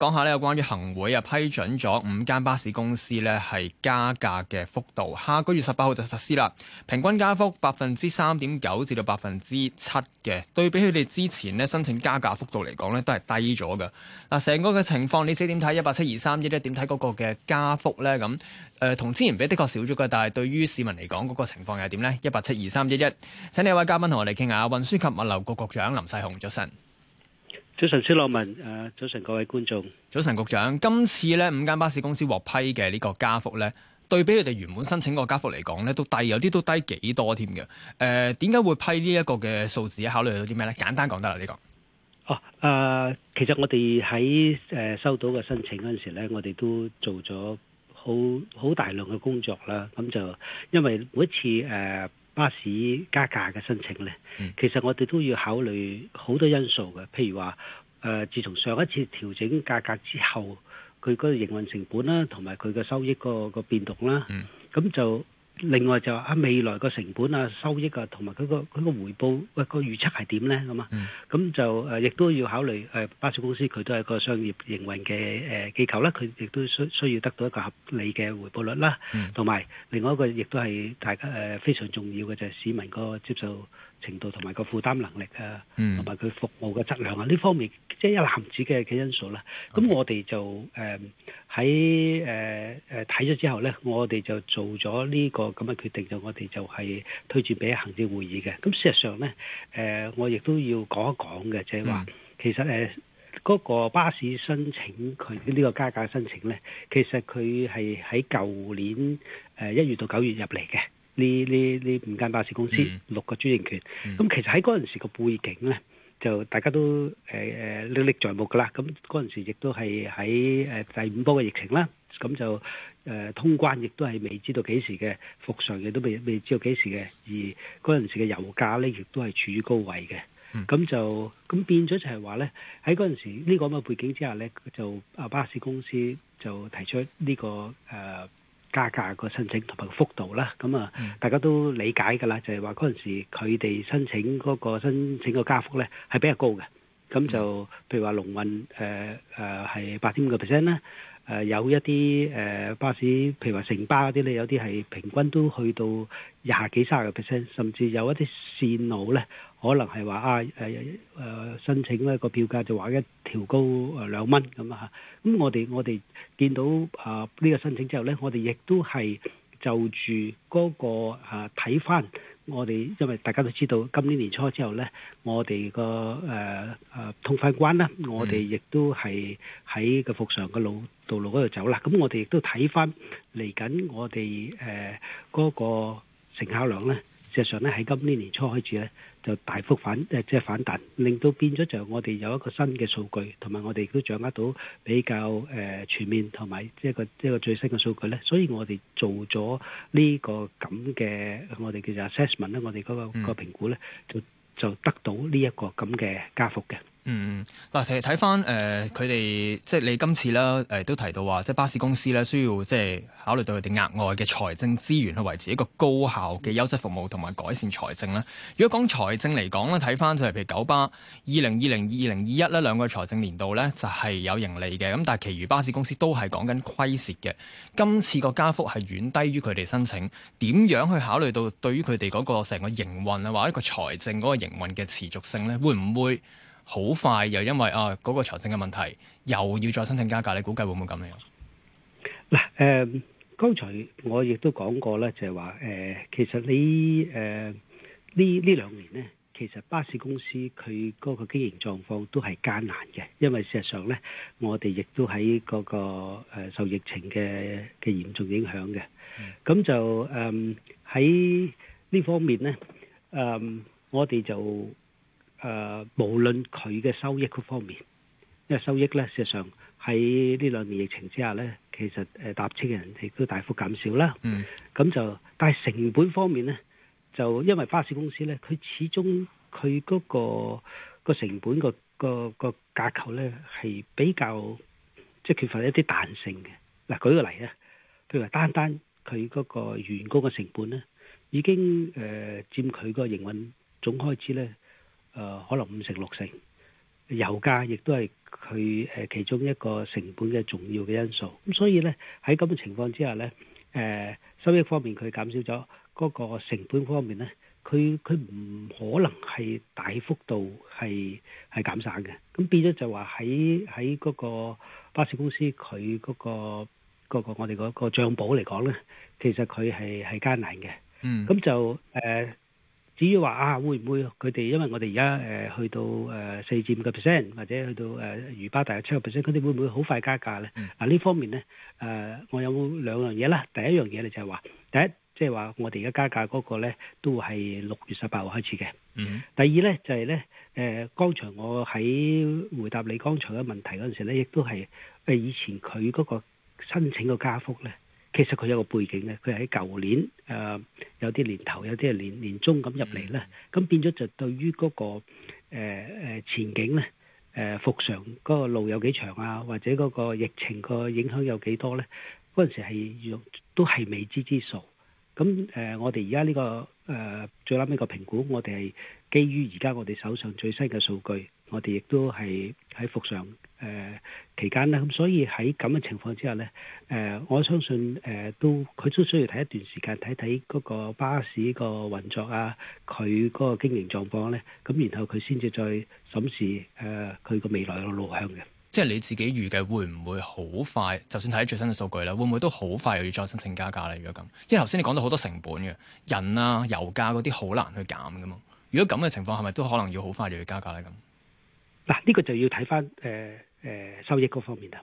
講下呢，有關於行會啊批准咗五間巴士公司呢係加價嘅幅度，下個月十八號就實施啦。平均加幅百分之三點九至到百分之七嘅，對比佢哋之前呢申請加價幅度嚟講呢，都係低咗噶。嗱，成個嘅情況你點睇？一八七二三一一點睇嗰個嘅加幅呢，咁、呃、誒，同之前比的確少咗噶，但係對於市民嚟講嗰個情況又係點咧？一八七二三一一，請你位嘉賓同我哋傾下運輸及物流局局長林世雄早晨。早晨，施樂文。誒、啊，早晨各位觀眾。早晨局長，今次咧五間巴士公司獲批嘅呢個加幅咧，對比佢哋原本申請個加幅嚟講咧都低，有啲都低幾多添嘅。誒、呃，點解會批呢一個嘅數字？考慮到啲咩咧？簡單講得啦，呢、這個。哦，誒、呃，其實我哋喺誒收到個申請嗰陣時咧，我哋都做咗好好大量嘅工作啦。咁就因為每一次誒。呃巴士加價嘅申請咧，其實我哋都要考慮好多因素嘅，譬如話，誒、呃，自從上一次調整價格之後，佢嗰個營運成本啦，同埋佢嘅收益個個變動啦，咁就。另外就話未來個成本啊、收益啊，同埋佢個回報佢個預測係點呢咁啊？咁、嗯、就誒、呃、亦都要考慮誒、呃、巴士公司佢都係個商業營運嘅誒機構啦，佢亦都需需要得到一個合理嘅回報率啦，同埋、嗯、另外一個亦都係大家誒、呃、非常重要嘅就係市民個接受程度同埋個負擔能力啊，同埋佢服務嘅質量啊，呢方面即係、就是、一籃子嘅嘅因素啦。咁 Okay. 我哋就誒喺誒誒睇咗之後咧，我哋就做咗呢個咁嘅決定，我就我哋就係推薦俾行政會議嘅。咁事實上咧，誒、呃、我亦都要講一講嘅，就係、是、話、mm. 其實誒嗰、呃那個，巴士申請佢呢個加價申請咧，其實佢係喺舊年誒一、呃、月到九月入嚟嘅。呢呢呢五間巴士公司、嗯、六個專營權，咁、嗯、其實喺嗰陣時個背景咧，就大家都誒誒、呃、歷歷在目㗎啦。咁嗰陣時亦都係喺誒第五波嘅疫情啦，咁就誒、呃、通關亦都係未，未知道幾時嘅，復常亦都未未知道幾時嘅。而嗰陣時嘅油價咧，亦都係處於高位嘅。咁、嗯、就咁變咗就係話咧，喺嗰陣時呢個咁嘅背景之下咧，就啊巴士公司就提出呢、呢個誒。呃加價個申請同埋個幅度啦，咁啊，嗯、大家都理解噶啦，就係話，嗰陣時佢哋申請嗰個申請個加幅咧係比較高嘅，咁就譬如話，龍運誒誒，係八點五個 percent 啦。誒、呃、有一啲誒、呃、巴士，譬如話城巴嗰啲咧，有啲係平均都去到廿幾、卅個 percent，甚至有一啲線路咧，可能係話啊誒誒、啊啊、申請咧個票價就話一調高誒兩蚊咁啊！咁我哋我哋見到啊呢、這個申請之後咧，我哋亦都係就住嗰、那個啊睇翻。我哋因為大家都知道今年年初之後咧，我哋個誒誒通關關咧，我哋亦都係喺個復常嘅路道路嗰度走啦。咁、嗯、我哋亦都睇翻嚟緊我哋誒嗰個乘客量咧。事實上咧，喺今年年初開始咧，就大幅反、呃、即係反彈，令到變咗就我哋有一個新嘅數據，同埋我哋都掌握到比較誒、呃、全面同埋即係個一個最新嘅數據咧，所以我哋做咗呢個咁嘅我哋叫做 assessment 咧，我哋嗰個個評估咧，就就得到呢、呢個、一個咁嘅、呢個呢個、加幅嘅。嗯，嗱，其實睇翻誒，佢、呃、哋即係你今次啦，誒、呃、都提到話，即係巴士公司咧需要即係考慮到佢哋額外嘅財政資源去維持一個高效嘅優質服務同埋改善財政啦。如果講財政嚟講咧，睇翻就係譬如九巴二零、二零、二零、二一咧兩個財政年度咧就係、是、有盈利嘅，咁但係其餘巴士公司都係講緊虧蝕嘅。今次個加幅係遠低於佢哋申請，點樣去考慮到對於佢哋嗰個成個營運啊，或者一個財政嗰個營運嘅持續性咧，會唔會？好快又因為啊嗰、那個財政嘅問題又要再申請加價，你估計會唔會咁樣？嗱，誒，剛才我亦都講過咧，就係話誒，其實你誒呢呢兩年咧，其實巴士公司佢嗰個經營狀況都係艱難嘅，因為事實上咧，我哋亦都喺嗰個受疫情嘅嘅嚴重影響嘅，咁、嗯、就誒喺呢方面咧，誒、呃、我哋就。誒、呃，無論佢嘅收益嗰方面，因為收益咧，事實上喺呢兩年疫情之下咧，其實誒搭車嘅人亦都大幅減少啦。咁、嗯、就，但係成本方面咧，就因為巴士公司咧，佢始終佢嗰、那個成本個個個架構咧係比較即係、就是、缺乏一啲彈性嘅。嗱、呃，舉個例咧，譬如話單單佢嗰個員工嘅成本咧，已經誒、呃、佔佢個營運總開支咧。嗯誒、呃、可能五成六成，油價亦都係佢誒其中一個成本嘅重要嘅因素。咁所以咧，喺咁嘅情況之下咧，誒、呃、收益方面佢減少咗，嗰、嗰個成本方面咧，佢佢唔可能係大幅度係係減省嘅。咁變咗就話喺喺嗰個巴士公司佢嗰、嗰個嗰、嗰個我哋嗰個帳簿嚟講咧，其實佢係係艱難嘅。嗯，咁就誒。呃至於話啊，會唔會佢哋因為我哋而家誒去到誒四至五個 percent，或者去到誒嶼巴大約七個 percent，佢哋會唔會好快加價咧？嗯、啊，呢方面咧誒、呃，我有兩樣嘢啦。第一樣嘢咧就係話，第一即係話我哋而家加價嗰個咧，都係六月十八號開始嘅。嗯、第二咧就係咧誒，剛才我喺回答你剛才嘅問題嗰陣時咧，亦都係誒以前佢嗰個申請個加幅咧。其實佢有一個背景咧，佢係喺舊年誒、呃、有啲年頭，有啲年年中咁入嚟咧，咁、嗯嗯、變咗就對於嗰、那個誒誒、呃、前景咧誒復常嗰個路有幾長啊，或者嗰個疫情個影響有幾多咧？嗰陣時係都係未知之數。咁誒、呃，我哋而家呢個誒、呃、最諗呢個評估，我哋係基於而家我哋手上最新嘅數據。我哋亦都係喺復常誒期間咧，咁所以喺咁嘅情況之下咧，誒我相信誒都佢都需要睇一段時間，睇睇嗰個巴士個運作啊，佢嗰個經營狀況咧，咁然後佢先至再審視誒佢個未來嘅路向嘅。即係你自己預計會唔會好快？就算睇最新嘅數據啦，會唔會都好快又要再申請加價咧？如果咁，因為頭先你講到好多成本嘅人啊、油價嗰啲好難去減㗎嘛。如果咁嘅情況，係咪都可能要好快就要加價咧？咁？嗱，呢個就要睇翻誒誒收益嗰方面啦。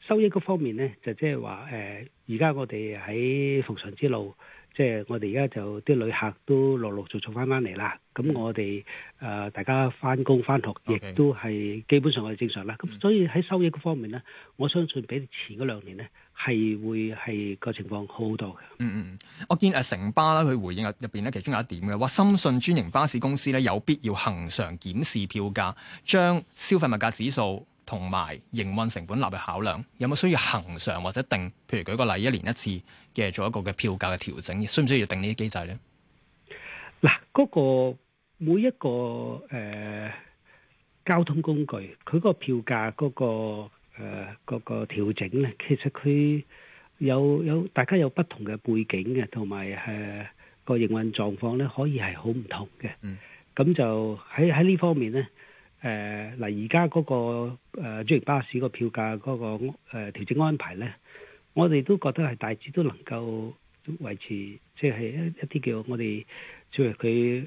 收益嗰方面咧，就即係話誒而家我哋喺鳳凰之路。即係我哋而家就啲旅客都陸陸續續翻翻嚟啦。咁、嗯、我哋誒、呃、大家翻工翻學，亦都係基本上係正常啦。咁、嗯、所以喺收益方面咧，我相信比前嗰兩年咧係會係個情況好好多嘅。嗯嗯，我見阿城巴啦佢回應入入邊咧，其中有一點嘅話，深信專營巴士公司咧有必要恒常檢視票價，將消費物價指數，同埋營運成本納入考量，有冇需要恒常或者定？譬如舉個例，一年一次嘅做一個嘅票價嘅調整，需唔需要定呢啲機制？咧？嗱，嗰個每一個誒、呃、交通工具，佢、個票價嗰個誒嗰個調整咧，其實，佢有有大家有不同嘅背景嘅，同埋誒個營運狀況咧，呃、可以係好唔同嘅。嗯，咁就喺喺呢方面咧。誒嗱，而家嗰個誒專營巴士個票價嗰、嗰個誒、呃、調整安排咧，我哋都覺得係大致都能夠維持，即、即、係、係、一一啲叫我哋即係佢誒，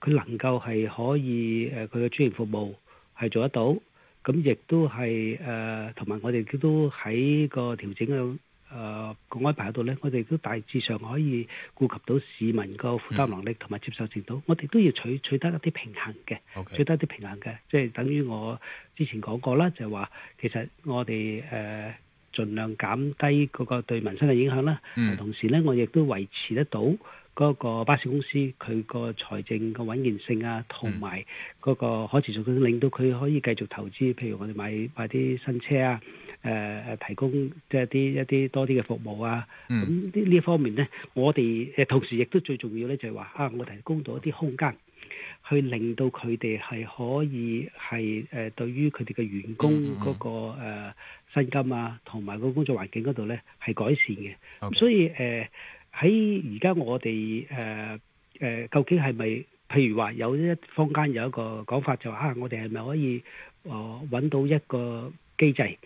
佢、呃、能夠係可以誒佢嘅專營服務係做得到，咁亦都係誒同埋我哋都喺個調整嘅。誒個、呃、安排嗰度呢，我哋都大致上可以顧及到市民個負擔能力同埋接受程度，嗯、我哋都要取取得一啲平衡嘅，取得一啲平衡嘅 Okay.，即係等於我之前講過啦，就係話其實我哋誒、呃、盡量減低嗰個對民生嘅影響啦，嗯、同時呢，我亦都維持得到。嗰個巴士公司佢個財政個穩健性啊，同埋嗰個可持續性，令到佢可以繼續投資，譬如我哋買買啲新車啊，誒、呃、誒提供即係啲一啲多啲嘅服務啊。咁呢呢一方面咧，我哋誒同時亦都最重要咧，就係話啊，我提供到一啲空間，去令到佢哋係可以係誒、呃、對於佢哋嘅員工嗰、嗰個薪、嗯呃、金啊，同埋個工作環境嗰度咧係改善嘅。okay. 所以誒。呃喺而家我哋誒誒，究竟係咪？譬如話，有一坊間有一個講法就話、是，啊，我哋係咪可以，我、呃、揾到一個機制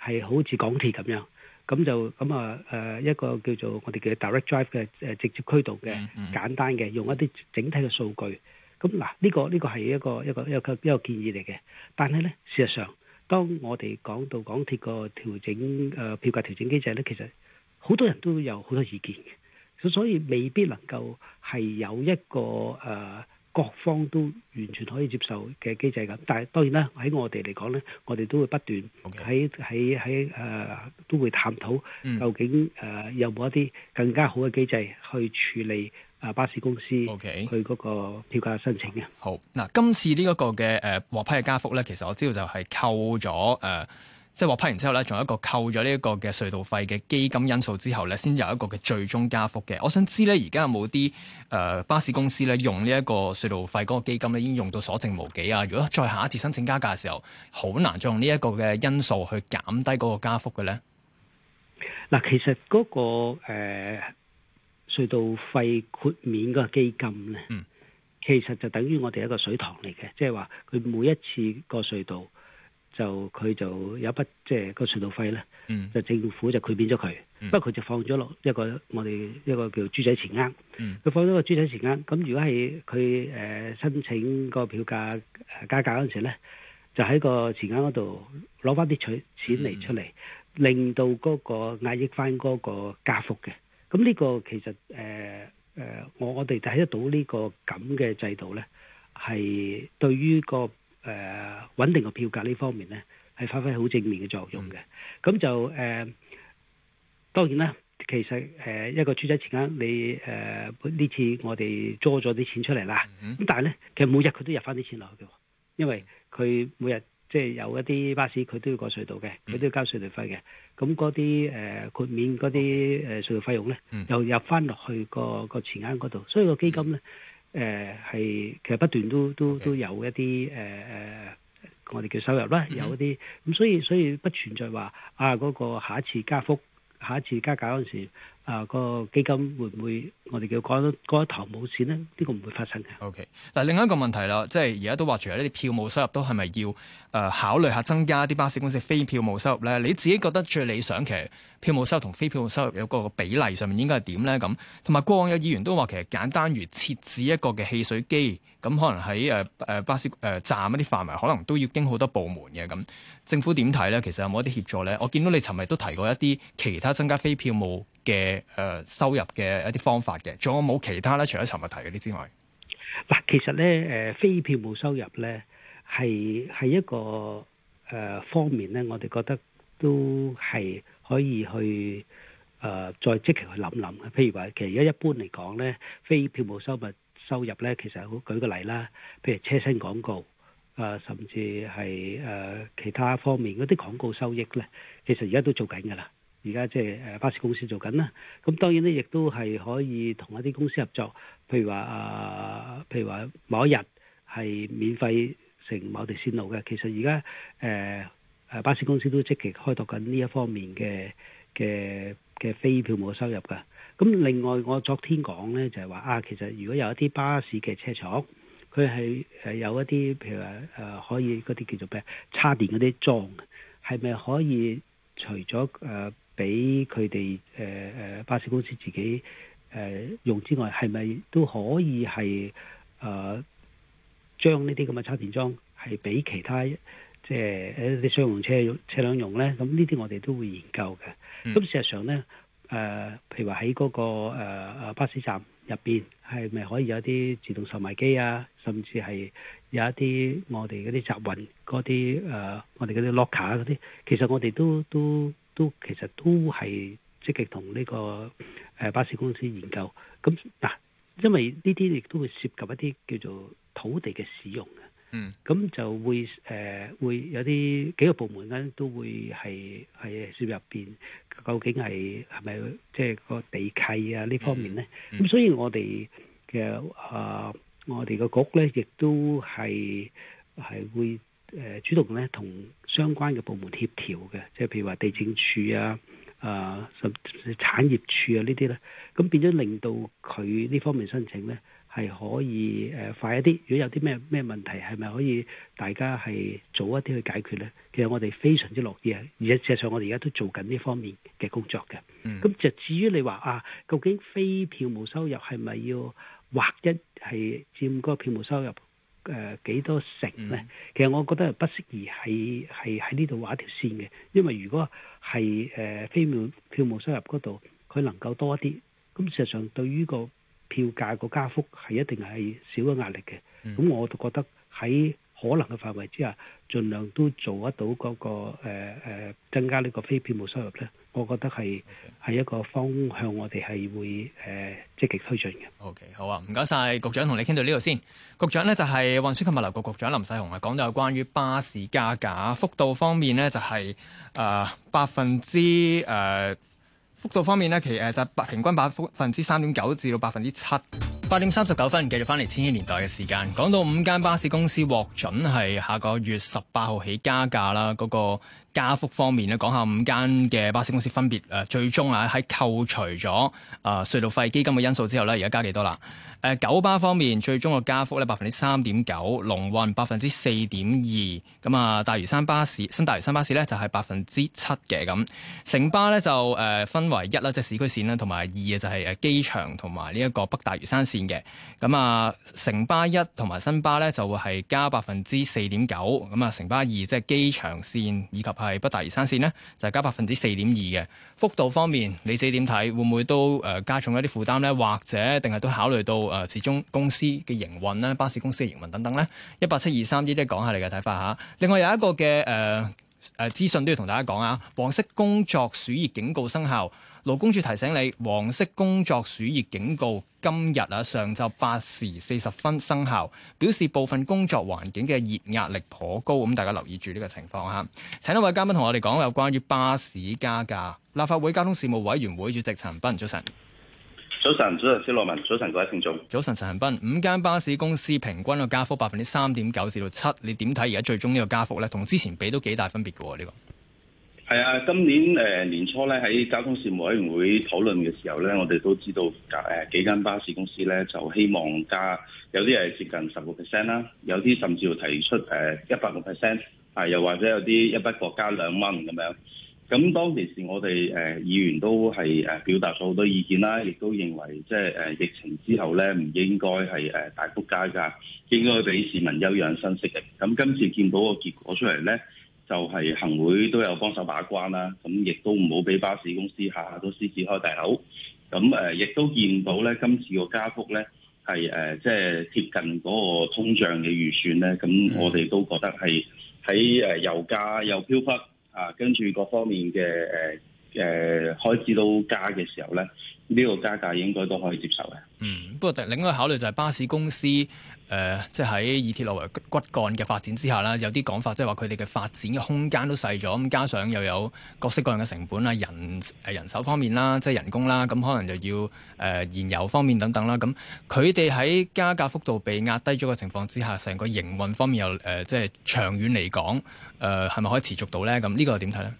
係好似港鐵咁樣，咁就咁啊誒，一個叫做我哋嘅 direct drive 嘅誒直接驅動嘅簡單嘅，用一啲整體嘅數據。咁、嗯、嗱，呢、啊這個呢、這個係一個一個一個一個建議嚟嘅。但係咧，事實上，當我哋講到港鐵個調整誒、呃、票價調整機制咧，其實好多人都有好多意見嘅。所以未必能夠係有一個誒各、呃、方都完全可以接受嘅機制咁，但係當然啦，喺我哋嚟講咧，我哋都會不斷喺喺喺誒都會探討究竟誒、呃、有冇一啲更加好嘅機制去處理誒、呃、巴士公司佢嗰 Okay. 個票價申請嘅。好，嗱，今次、呃、呢一個嘅誒獲批嘅加幅咧，其實我知道就係扣咗誒。呃即係話批完之後咧，仲有一個扣咗呢一個嘅隧道費嘅基金因素之後咧，先有一個嘅最終加幅嘅。我想知咧，而家有冇啲誒巴士公司咧，用呢一個隧道費嗰個基金咧，已經用到所剩無幾啊？如果再下一次申請加價嘅時候，好難再用呢一個嘅因素去減低嗰個加幅嘅咧。嗱，其實嗰、那個誒、呃、隧道費豁免嘅基金咧，嗯，其實就等於我哋一個水塘嚟嘅，即係話佢每一次個隧道。就佢就有筆即係、個隧道費咧，嗯、就政府就佢變咗佢，嗯、不過佢就放咗落一個我哋一個叫做豬仔錢罌，佢、嗯、放咗個豬仔錢罌。咁如果係佢誒申請個票價、呃、加價嗰陣時咧，就喺個錢罌嗰度攞翻啲取錢嚟出嚟，嗯、令到嗰個壓抑翻嗰個加幅嘅。咁呢個其實誒誒、呃呃呃，我我哋睇到呢個咁嘅制度咧，係對於個誒、呃、穩定個票價呢方面咧，係發揮好正面嘅作用嘅。咁、嗯、就誒、呃，當然啦，其實誒、呃、一個豬仔錢罌，你誒呢、呃、次我哋租咗啲錢出嚟啦。咁、嗯、但係咧，其實每日佢都入翻啲錢落去嘅，因為佢每日即係、就是、有一啲巴士，佢都要過隧道嘅，佢、嗯、都要交隧道費嘅。咁嗰啲誒豁免嗰啲誒隧道費用咧，嗯、又入翻落去個個錢罌嗰度，所以個基金咧。誒係、呃、其實不斷都都都有一啲誒誒，我哋叫收入啦，有一啲咁，所以所以不存在話啊嗰個下一次加幅，下一次加價嗰陣時。啊！個基金會唔會我哋叫趕趕一頭冇錢呢？呢、呢個唔會發生嘅。O K. 嗱，另外一個問題啦，即係而家都話，除咗啲票務收入都是是，都係咪要誒考慮下增加啲巴士公司非票務收入咧？你自己覺得最理想，其實票務收入同非票務收入有個比例上面應該係點咧？咁同埋過往有議員都話，其實簡單如設置一個嘅汽水機咁，可能喺誒誒巴士誒、呃、站一啲範圍，可能都要經好多部門嘅。咁政府點睇咧？其實有冇一啲協助咧？我見到你尋日都提過一啲其他增加非票務。嘅誒、呃、收入嘅一啲方法嘅，仲有冇其他咧？除咗尋日提嗰啲之外，嗱，其實咧誒非票務收入咧係係一個誒方面咧，我哋覺得都係可以去誒再積極去諗諗。譬如話，其實而家一般嚟講咧，非票務收入收入咧，其實好舉個例啦，譬如車身廣告啊、呃，甚至係誒、呃、其他方面嗰啲廣告收益咧，其實而家都在做緊㗎喇。而家即係巴士公司做緊啦，咁當然呢，亦都係可以同一啲公司合作，譬如話啊、呃，譬如話某一日係免費乘某條線路嘅。其實而家、呃、巴士公司都積極開拓緊呢一方面嘅嘅嘅非票務收入㗎。咁另外我昨天講呢，就係、是、話啊，其實如果有一啲巴士嘅車廠，佢係係有一啲譬如話誒、呃、可以嗰啲叫做咩叉電嗰啲裝，係咪可以除咗誒？呃俾佢哋誒誒巴士公司自己誒、呃、用之外，係咪都可以係誒將呢啲咁嘅充電樁係俾其他即係一啲商用車車輛用咧？咁呢啲我哋都會研究嘅。咁、嗯、事實上咧，誒、呃、譬如話喺嗰個誒、呃、巴士站入邊，係咪可以有啲自動售賣機啊？甚至係有一啲我哋嗰啲集運嗰啲誒，我哋嗰啲 locker、er、嗰啲，其實我哋都都，都都都其實都係積極同呢、這個誒、呃、巴士公司研究，咁嗱、啊，因為呢啲亦都會涉及一啲叫做土地嘅使用嘅，嗯，咁就會誒、呃、會有啲幾個部門咧都會係係涉入邊，究竟係係咪即係個地契啊呢方面咧？咁、嗯嗯、所以我哋嘅啊，我哋個局咧亦都係係會。誒、呃、主動咧同相關嘅部門協調嘅，即係譬如話地政處啊、誒、呃、什產業處啊呢啲咧，咁變咗令到佢呢方面申請咧係可以誒、呃、快一啲。如果有啲咩咩問題，係咪可以大家係早一啲去解決咧？其實我哋非常之意力，而且實際上我哋而家都在做緊呢方面嘅工作嘅。咁、嗯、就至於你話啊，究竟非票務收入係咪要劃一係佔嗰票務收入？誒、呃、幾多成呢？嗯、其實我覺得不適宜係係喺呢度畫一條線嘅，因為如果係誒非票務收入嗰度，佢能夠多啲，咁事實上對於個票價個加幅係一定係少咗壓力嘅。咁、嗯、我就覺得喺可能嘅範圍之下，儘量都做得到嗰、那個誒、呃呃、增加呢個非票務收入咧，我覺得係係 Okay. 一個方向我，我哋係會誒積極推進嘅。OK，好啊，唔該晒。局長同你傾到呢度先。局長咧就係、是、運輸及物流局局，局長林世雄啊，講到有關於巴士加價幅度方面咧，就係、是、誒、呃、百分之誒。呃幅度方面咧，其實就係百平均百分之三點九至到百分之七。八點三十九分，繼續翻嚟千禧年代嘅時間。講到五間巴士公司獲准係下個月十八號起加價啦，嗰、那個。加幅方面咧，講下五間嘅巴士公司分別誒、呃、最終啊喺扣除咗誒隧道費基金嘅因素之後咧，而家加幾多啦？誒、呃、九巴方面最終嘅加幅咧，百分之三點九；龍運百分之四點二。咁啊，大嶼山巴士新大嶼山巴士咧就係百分之七嘅。咁城巴咧就誒、呃、分為一啦，即係市區線啦，同埋二嘅就係誒機場同埋呢一個北大嶼山線嘅。咁啊，城巴一同埋新巴咧就會係加百分之四點九。咁啊，城巴二即係機場線以及，係北大嶼山線呢就係、加百分之四點二嘅幅度方面，你自己點睇？會唔會都誒加重一啲負擔呢？或者定係都考慮到誒、呃、始終公司嘅營運咧，巴士公司嘅營運等等呢？一八七二三，呢啲講下你嘅睇法嚇。另外有一個嘅誒誒資訊都要同大家講啊，黃色工作暑熱警告生效。勞工處提醒你，黃色工作暑熱警告今日啊上晝八時四十分生效，表示部分工作環境嘅熱壓力頗高，咁大家留意住呢個情況哈。請一位嘉賓同我哋講有關於巴士加價。立法會交通事務委員會主席陳恒鑌早晨，早晨，早晨，肖樂文，早晨各位聽眾，早晨，陳恒鑌，五間巴士公司平均個加幅百分之三點九至到七，你點睇而家最終呢個加幅咧？同之前比都幾大分別噶喎，呢、這個。係啊，今年誒、呃、年初咧，喺交通事務委員會討論嘅時候咧，我哋都知道誒、呃、幾間巴士公司咧，就希望加有啲係接近十個 percent 啦，有啲甚至要提出誒一百個 percent，啊，又或者有啲一筆過加兩蚊咁樣。咁當其時我哋誒、呃、議員都係誒表達咗好多意見啦，亦、啊、都認為即係誒疫情之後咧，唔應該係誒、呃、大幅加價，應該俾市民休養生息嘅。咁今次見到個結果出嚟咧，就係行會都有幫手把關啦，咁亦都唔好俾巴士公司下下都獅子開大口。咁誒，亦都見到咧，今次個加幅咧係誒，即係、呃就係、貼近嗰個通脹嘅預算咧。咁我哋都覺得係喺誒油價又飄忽啊，跟住各方面嘅誒。呃誒開支都加嘅時候咧，呢個加價應該都可以接受嘅。嗯，不過另外考慮就係巴士公司誒、呃，即係喺以鐵路為骨幹嘅發展之下啦，有啲講法即係話佢哋嘅發展嘅空間都細咗。咁加上又有各式各樣嘅成本啊，人誒人手方面啦，即係人工啦，咁可能就要誒燃油方面等等啦。咁佢哋喺加價幅度被壓低咗嘅情況之下，成個營運方面又誒、呃，即係長遠嚟講，誒係咪可以持續到咧？咁呢個點睇咧？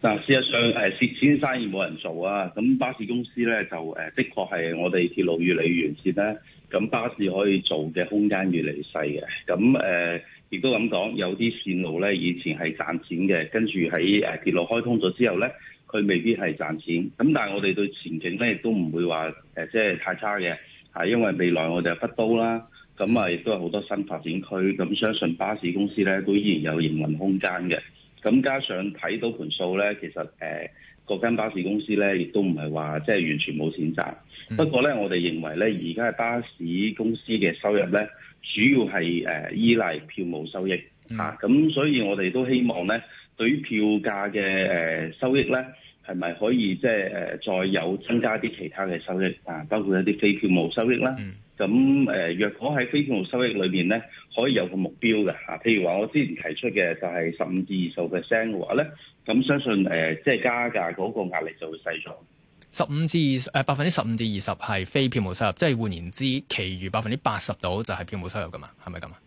嗱，事實上誒蝕錢生意冇人做啊，咁巴士公司咧就誒的確係我哋鐵路越嚟越完善咧，咁巴士可以做嘅空間越嚟越細嘅，咁誒亦都咁講，有啲線路咧以前係賺錢嘅，跟住喺誒鐵路開通咗之後咧，佢未必係賺錢，咁但係我哋對前景咧亦都唔會話誒、呃、即係太差嘅，係因為未來我哋係北都啦，咁啊亦都有好多新發展區，咁相信巴士公司咧都依然有營運空間嘅。咁加上睇到盤數咧，其實誒嗰間巴士公司咧，亦都唔係話即係完全冇錢賺。不過咧，我哋認為咧，而家巴士公司嘅、嗯、收入咧，主要係誒、呃、依賴票務收益嚇。咁、啊、所以我哋都希望咧，對於票價嘅誒、呃、收益咧，係咪可以即係誒再有增加啲其他嘅收益啊？包括一啲非票務收益啦。嗯咁誒，若果喺非票務收益裏邊咧，可以有個目標嘅吓，譬如話我之前提出嘅就係十五至二十 percent 嘅話咧，咁相信誒，即係加價嗰個壓力就會細咗。十五至二誒百分之十五至二十係非票務收入，即係換言之其餘，其餘百分之八十到就係票務收入噶嘛，係咪咁啊？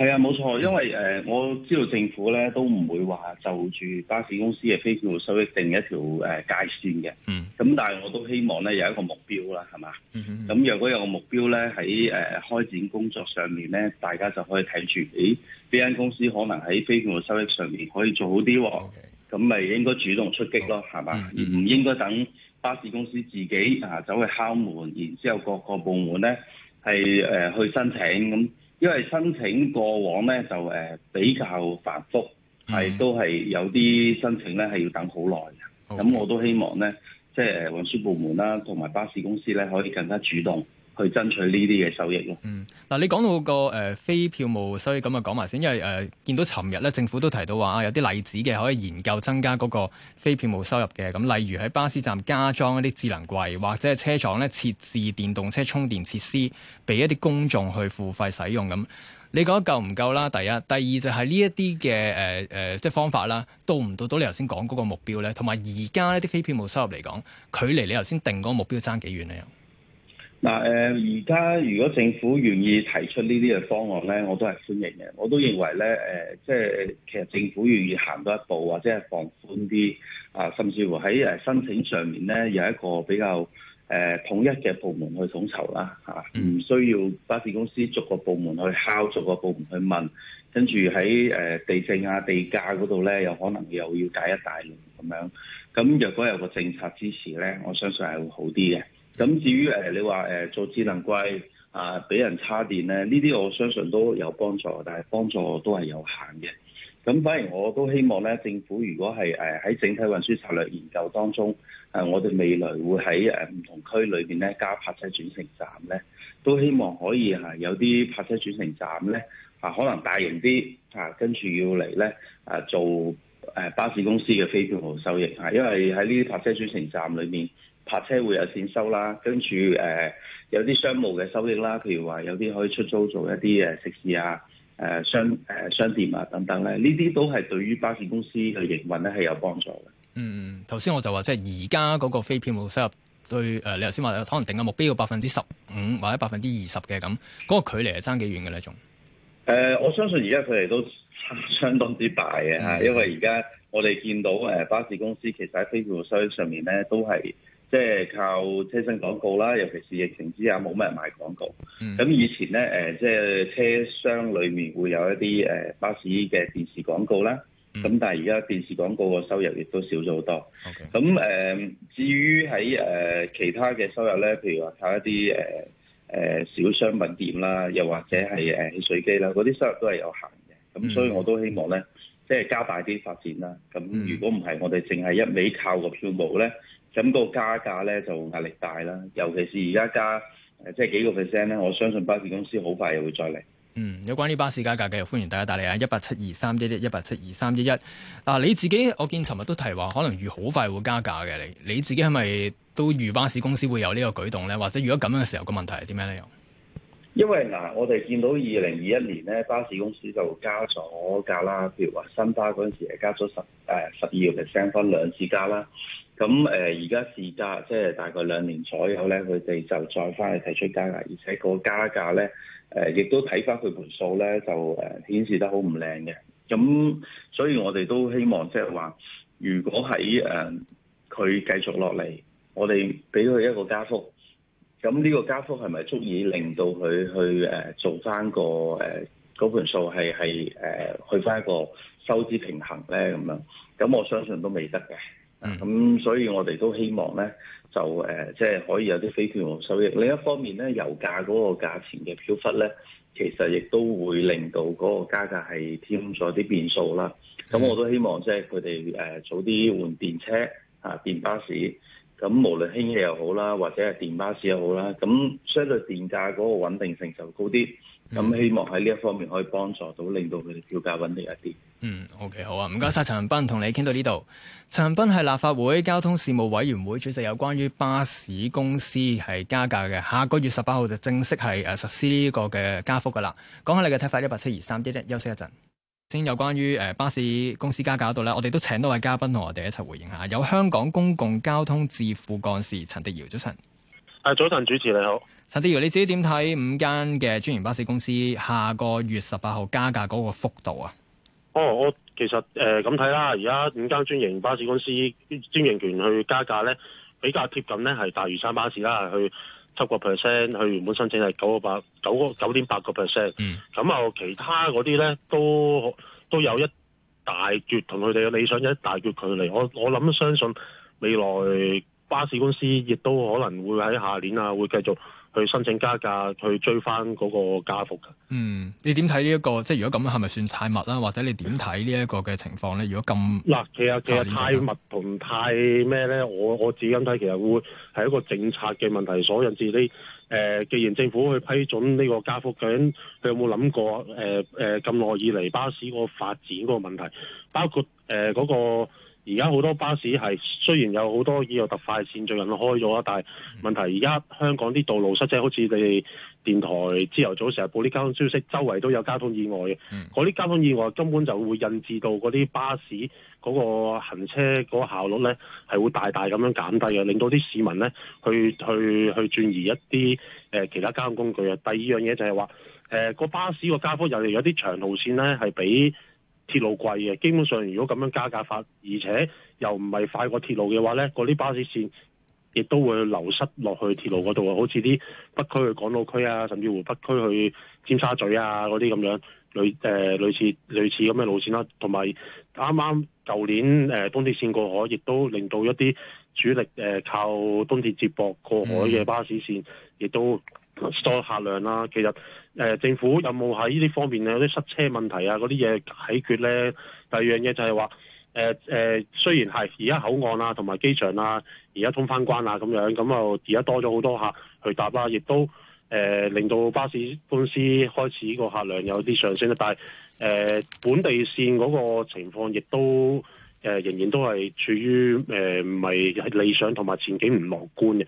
係啊，冇錯、嗯，嗯、因為誒我知道政府咧都唔會話就住巴士公司嘅非票務收益定一條誒界線嘅。嗯。咁但係我都希望咧有一個目標啦，係嘛？咁若、嗯嗯、果有個目標咧，喺誒開展工作上面咧，大家就可以睇住，誒呢間公司可能喺非票務收益上面可以做好啲，咁咪、嗯嗯、應該主動出擊咯，係嘛？而唔、嗯嗯、應該等巴士公司自己啊走去敲門，然之後各個部門咧係誒去申請咁。因為申請過往呢，就誒、呃、比較繁複，係都係有啲申請呢，係要等好耐嘅，咁、嗯、我都希望呢，即係、呃、運輸部門啦同埋巴士公司呢，可以更加主動。去爭取呢啲嘅收益咯。嗯，嗱、那個，你講到個誒非票務收益咁啊，講埋先。因為誒、呃、見到尋日咧，政府都提到話啊，有啲例子嘅可以研究增加嗰個非票務收入嘅。咁例如喺巴士站加裝一啲智能櫃，或者係車廠咧設置電動車充電設施，俾一啲公眾去付費使用咁。你覺得夠唔夠啦？第一，第二就係呢一啲嘅誒誒，即係方法啦，到唔到到你頭先講嗰個目標咧？同埋而家呢啲非票務收入嚟講，距離你頭先定嗰個目標爭幾遠呢？嗱誒，而家如果政府願意提出呢啲嘅方案咧，我都係歡迎嘅。我都認為咧誒，即、呃、係其實政府願意行多一步，或者係放寬啲啊，甚至乎喺誒申請上面咧有一個比較誒、呃、統一嘅部門去統籌啦嚇，唔、啊、需要巴士公司逐個部門去敲，逐個部門去問，跟住喺誒地政啊地價嗰度咧又可能又要解一大輪咁樣。咁若果有個政策支持咧，我相信係會好啲嘅。咁至於誒你話誒做智能櫃啊俾人叉電咧，呢啲我相信都有幫助，但係幫助都係有限嘅。咁反而我都希望咧，政府如果係誒喺整體運輸策略研究當中，誒、啊、我哋未來會喺誒唔同區裏邊咧加泊車轉乘站咧，都希望可以係有啲泊車轉乘站咧啊，可能大型啲啊，跟住要嚟咧啊做誒巴士公司嘅非票務收益啊，因為喺呢啲泊車轉乘站裏面。泊車會有錢收啦，跟住誒有啲商務嘅收益啦，譬如話有啲可以出租做一啲誒食肆啊、誒、呃、商誒、呃、商店啊等等咧，呢啲都係對於巴士公司嘅營運咧係有幫助嘅。嗯嗯，頭先我就話即係而家嗰個非票務收入對誒、呃、你頭先話可能定嘅目標有百分之十五或者百分之二十嘅咁，嗰個距離係爭幾遠嘅咧？仲誒、呃，我相信而家佢哋都相當之大嘅的，因為而家我哋見到誒巴士公司其實喺非票務收益上面咧都係。即係靠車身廣告啦，尤其是疫情之下冇乜人賣廣告。咁、嗯、以前呢，誒即係車廂裡面會有一啲誒、呃、巴士嘅電視廣告啦。咁、嗯、但係而家電視廣告個收入亦都少咗好多。咁誒 Okay.、呃、至於喺誒、呃、其他嘅收入呢，譬如話靠一啲誒誒小商品店啦，又或者係誒汽水機啦，嗰啲、嗯、收入都係有限嘅。咁、嗯、所以我都希望呢，即係加大啲發展啦。咁如果唔係，我哋淨係一味靠個票務呢。咁個加價咧就壓力大啦，尤其是而家加誒、呃、即係幾個 percent 咧，我相信巴士公司好快又會再嚟。嗯，有關於巴士加價嘅，又歡迎大家打嚟啊！一八七二三一一一八七二三一一。啊，你自己我見尋日都提話，可能預好快會加價嘅你，你自己係咪都預巴士公司會有呢個舉動咧？或者如果咁樣嘅時候，個問題係啲咩咧？又？因為嗱，我哋見到二零二一年咧，巴士公司就加咗價啦。譬如話新巴嗰陣時係加咗十誒十二個百分點，分兩次加啦。咁誒而家事隔，即、呃、係、就是、大概兩年左右咧，佢哋就再翻嚟提出加價，而且個加價咧誒亦都睇翻佢盤數咧，就誒顯、呃、示得好唔靚嘅。咁、嗯、所以我哋都希望即係話，如果喺誒佢繼續落嚟，我哋俾佢一個加幅。咁呢個加幅係咪足以令到佢去誒做翻個誒嗰盤數係係誒去翻一個收支平衡咧咁樣？咁我相信都未得嘅。咁、嗯嗯、所以我哋都希望咧就誒、呃、即係可以有啲非票收益。另一方面咧，油價嗰個價錢嘅飄忽咧，其實亦都會令到嗰個價格係添咗啲變數啦。咁、嗯、我都希望即係佢哋誒早啲換電車啊，電巴士。咁無論氫氣又好啦，或者係電巴士又好啦，咁相對電價嗰個穩定性就會高啲。咁、嗯、希望喺呢一方面可以幫助到，令到佢哋票價穩定一啲。嗯，OK，好啊，唔該晒。嗯、陳恒鑌，同你傾到呢度。陳恒鑌係立法會交通事務委員會主席，有關於巴士公司係加價嘅，下個月十八號就正式係誒實施呢個嘅加幅噶啦。講下你嘅睇法，一八七二三，一一。休息一陣。先有關於誒巴士公司加價嗰度咧我哋都請多位嘉賓同我哋一齊回應下。有香港公共交通智庫幹事陳迪遙，早晨。誒、啊，早晨，主持你好。陳迪遙，你自己點睇五間嘅專營巴士公司下個月十八號加價嗰個幅度啊？哦，我其實誒咁睇啦，而、呃、家五間專營巴士公司啲專營權去加價咧，比較貼近咧係大嶼山巴士啦，去。七個 percent，佢原本申請係九個八九個九點八個 percent，咁啊，其他嗰啲咧，都都有一大橛，同佢哋嘅理想有一大橛距離。我我諗相信未來巴士公司亦都可能會喺下年啊，會繼續。去申請加價，去追翻嗰個加幅嘅。嗯，你點睇呢一個？即係如果咁，係咪算太密啦？或者你點睇呢一個嘅情況咧？如果咁，嗱，其實其實太密同太咩咧？我我自己咁睇，其實會係一個政策嘅問題所引致你。你、呃、誒，既然政府去批准呢個加幅，究竟佢有冇諗過誒誒？咁、呃、耐、呃、以嚟巴士個發展嗰個問題，包括誒嗰、呃那個。而家好多巴士係雖然有好多以有特快線最近開咗啦，但係問題而家香港啲道路塞車，即好似你電台朝頭早成日報啲交通消息，周圍都有交通意外嘅。嗰啲、嗯、交通意外根本就會引致到嗰啲巴士嗰、嗰個行車嗰個效率呢係會大大咁樣減低嘅，令到啲市民呢去去去轉移一啲誒、呃、其他交通工具啊。第二樣嘢就係話誒個巴士個加幅入嚟，有啲長途線呢係比。鐵路貴嘅，基本上如果咁樣加價法，而且又唔係快過鐵路嘅話呢，嗰啲巴士線亦都會流失落去鐵路嗰度啊！好似啲北區去港島區啊，甚至湖北區去尖沙咀啊嗰啲咁樣，類誒類似類似咁嘅路線啦、啊。同埋啱啱舊年誒東鐵線過海，亦都令到一啲主力誒、呃、靠東鐵接駁過海嘅巴士線，亦都。多客量啦、啊，其實誒、呃、政府有冇喺呢啲方面有啲塞車問題啊，嗰啲嘢解決咧？第二樣嘢就係話誒誒，雖然係而家口岸啊，同埋機場啦、啊，而家通翻關啦、啊、咁樣，咁就而家多咗好多客去搭啦、啊，亦都誒、呃、令到巴士公司開始個客量有啲上升啦。但係誒、呃、本地線嗰個情況亦都。誒、呃，仍然都係處於誒，唔係、呃、理想同埋前景唔樂觀嘅，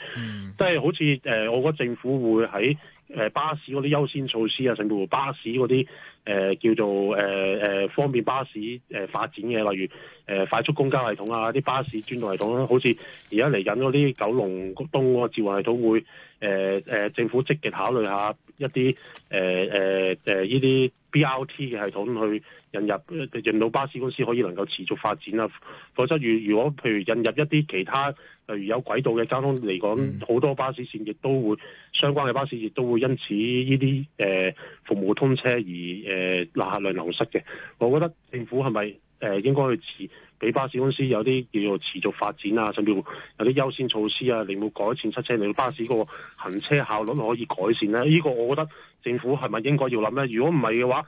即係、mm. 好似誒、呃，我覺得政府會喺誒、呃、巴士嗰啲優先措施啊，甚至乎巴士嗰啲誒叫做誒誒、呃呃、方便巴士誒發展嘅，例如誒、呃、快速公交系統啊，啲巴士專道系統啦，好似而家嚟緊嗰啲九龍東嗰個智慧系統會誒誒、呃呃，政府積極考慮下。一啲誒誒誒依啲 BRT 嘅系統去引入，引入到巴士公司可以能夠持續發展啊！否則，如如果譬如引入一啲其他，例如有軌道嘅交通嚟講，好多巴士線亦都會相關嘅巴士亦都會因此呢啲誒服務通車而誒乘客量流失嘅。我覺得政府係咪誒應該去持？俾巴士公司有啲叫做持續發展啊，甚至乎有啲優先措施啊，你冇改善塞車，你巴士個行車效率可以改善咧。呢個我覺得政府係咪應該要諗咧？如果唔係嘅話，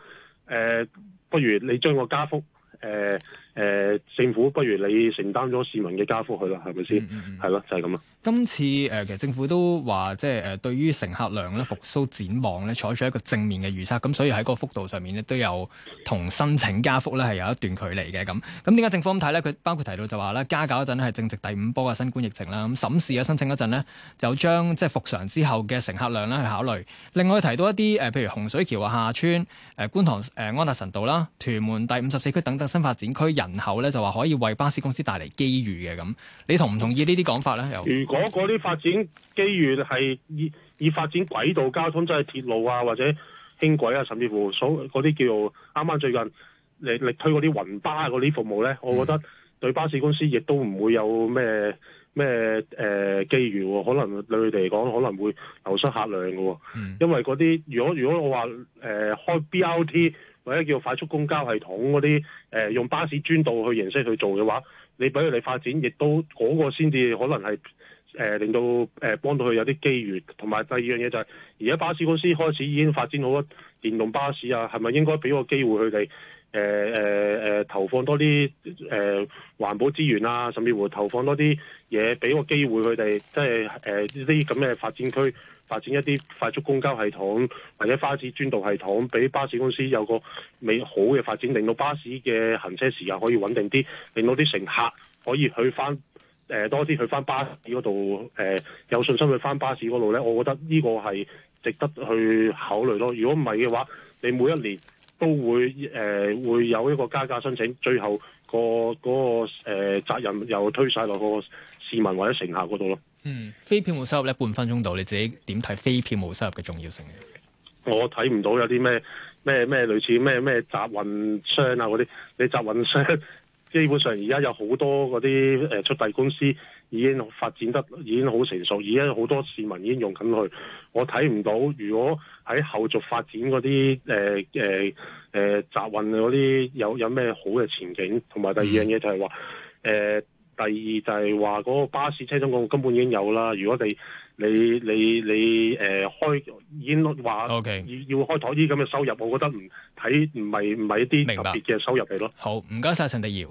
誒，不如你將個加幅，誒誒，政府不如你承擔咗市民嘅加幅去啦，係咪先？係咯，嗯嗯嗯，就係咁啦。今次誒、呃、其實政府都話，即係誒對於乘客量咧復甦展望咧採取一個正面嘅預測，咁、嗯、所以喺嗰個幅度上面咧都有同申請加幅咧係有一段距離嘅咁。咁點解政府咁睇咧？佢包括提到就話咧，加價嗰陣係正值第五波嘅新冠疫情啦，咁審視啊申請嗰陣咧就將即係復常之後嘅乘客量咧去考慮。另外提到一啲誒譬如洪水橋啊廈村誒、呃、觀塘誒、呃、安達臣道啦，屯門第五十四區等等新發展區人口咧就話可以為巴士公司帶嚟機遇嘅咁。你同唔同意呢啲講法咧？嗰嗰啲發展機遇係以以發展軌道交通，即係鐵路啊，或者輕軌啊，甚至乎所嗰啲叫做啱啱最近你力，力推嗰啲雲巴嗰啲服務咧。嗯、我覺得對巴士公司亦都唔會有咩咩誒機遇，可能對佢哋嚟講可能會流失客量嘅。嗯、因為嗰啲如果如果我話誒、呃、開 B R T 或者叫快速公交系統嗰啲誒用巴士專道去形式去做嘅話，你畀佢哋發展亦都嗰、嗰個先至可能係。誒、呃、令到誒、呃、幫到佢有啲機遇，同埋第二樣嘢就係、是，而家巴士公司開始已經發展好咗電動巴士啊，係咪應該俾個機會佢哋？誒誒誒，投放多啲誒、呃、環保資源啊，甚至乎投放多啲嘢俾個機會佢哋，即係誒呢啲咁嘅發展區發展一啲快速公交系統或者巴士專道系統，俾巴士公司有個美好嘅發展，令到巴士嘅行車時間可以穩定啲，令到啲乘客可以去返。誒，多啲去翻巴士嗰度，誒、呃，有信心去翻巴士嗰度咧，我覺得呢個係值得去考慮咯。如果唔係嘅話，你每一年都會誒、呃、會有一個加價申請，最後、那個嗰、那個誒、呃、責任又推晒落個市民或者乘客嗰度咯。嗯，非票務收入咧，半分鐘度，你自己點睇非票務收入嘅重要性？我睇唔到有啲咩咩咩類似咩咩集運商啊嗰啲，你集運商。 基本上而家有好多嗰啲誒速遞公司已經發展得已經好成熟，而家好多市民已經用緊佢。我睇唔到如果喺後續發展嗰啲誒誒誒集運嗰啲有有咩好嘅前景。同埋第二樣嘢就係話誒，第二就係話嗰個巴士車廂度根本已經有啦。如果你。你你你誒、呃、開已經話要要開台啲咁嘅收入，我覺得唔睇唔係唔係一啲特別嘅收入嚟咯。好，唔該晒，陳迪遙。